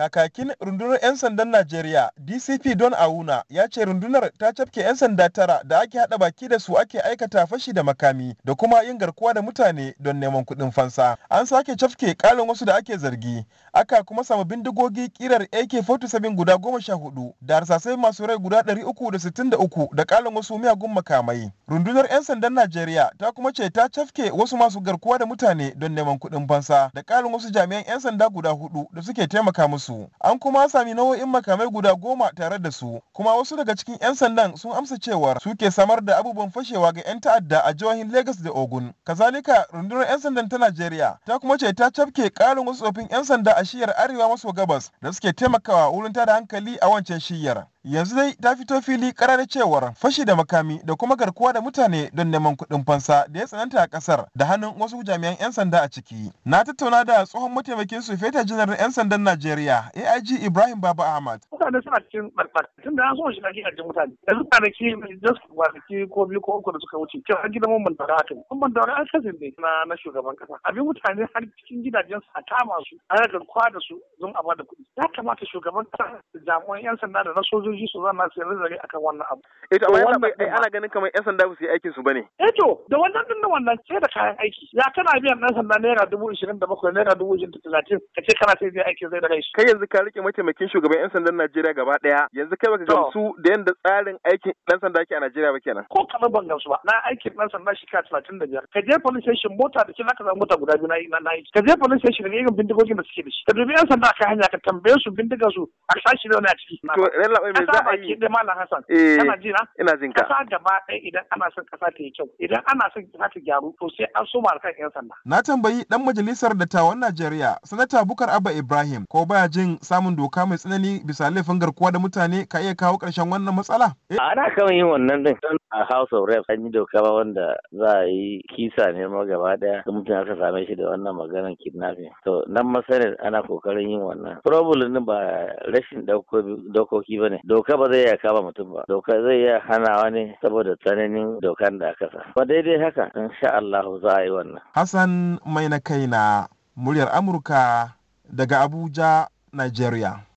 Kakakin rundunar 'yan sandan Najeriya DCP Don Auna ya ce rundunar ta cafke 'yan sanda tara da ake haɗa baki da su ake aikata fashi da makami da kuma yin garkuwa da mutane don neman kuɗin fansa. An sake cafke ƙalin wasu da ake zargi. Aka kuma samu bindigogi kirar AK-47 guda goma sha hudu da harsasai masu rai guda ɗari da sittin da uku da ƙalin wasu miyagun makamai. Rundunar 'yan sandan Najeriya ta kuma ce ta cafke wasu masu garkuwa da mutane don neman kuɗin fansa da ƙalin wasu jami'an 'yan sanda guda hudu da suke taimaka musu. su an kuma sami nau'o'in makamai guda goma tare da su kuma wasu daga cikin 'yan sandan sun amsa cewar su ke samar da abubuwan fashewa ga 'yan ta'adda a jihohin lagos da Ogun kazalika rundunar 'yan sandan ta Najeriya ta kuma ce ta cafke karin wasu tsofin 'yan sanda a shiyar arewa maso gabas da suke taimakawa wurin tada hankali a wancan shiyar yanzu dai ta fito fili karar cewar fashi da makami da kuma garkuwa da mutane don neman kuɗin fansa da ya tsananta a ƙasar da hannun wasu jami'an 'yan sanda a ciki na tattauna da tsohon mataimakin su feta janar 'yan sandan najeriya aig ibrahim baba ahmad mutane suna cikin barbar tun da an so shi kake ajin mutane yanzu kwanaki just kwanaki ko biyu ko uku da suka wuce kira gidan mun bandara haka mun bandara an kasin ne na na shugaban kasa abin mutane har cikin gidajen sa ta masu garkuwa da su don a bada kuɗi ya kamata shugaban kasa da jami'an 'yan sanda da na sojoji sun ji su zama su nazari akan wannan abu. Eh, to amma yana eh, ana ganin kamar yan sanda su yi aikin su bane. Eh, to da wannan din da wannan sai da kayan aiki. Ya kana biyan ɗan sanda naira dubu ishirin da bakwai naira dubu ishirin da talatin ka ce kana sai zai aikin zai da rai. Kai yanzu ka rike mataimakin shugaban yan sandan Najeriya gaba ɗaya yanzu kai baka gamsu da yanda tsarin aikin ɗan sanda ke a Najeriya ba kenan. Ko kama ban gamsu ba na aikin ɗan sanda shi ka talatin da biyar. Ka je police station mota da kina ka zama mota guda biyu na na aiki. Ka je police station ne irin bindigogin da suke da shi. Ka dubi yan sanda ka hanya ka tambaye su bindiga su a sashi ne wani a ciki. To ran labai za eh, Ina jin idan ana son kasa ta yi kyau, idan ana son kasa ta gyaru to sai an kan 'yan sanda. Na tambayi ɗan majalisar dattawan Najeriya, Sanata Bukar Abba Ibrahim, ko baya jin samun doka mai tsanani bisa laifin garkuwa da mutane ka iya kawo ƙarshen wannan matsala? Eh. Ana kan yin wannan din. A House of Reps an yi doka ba wanda za a yi kisa ne ma gaba ɗaya da mutum aka same shi da wannan maganar kidnapping. To nan masanin ana kokarin yin wannan. Problem ba rashin dokoki ba ne. doka ba zai iya kama mutum ba doka zai iya hana wani saboda tsananin dokan da aka sa ba daidai haka in sha Allah za a yi wannan Hassan mai na kaina muryar Amurka daga Abuja Nigeria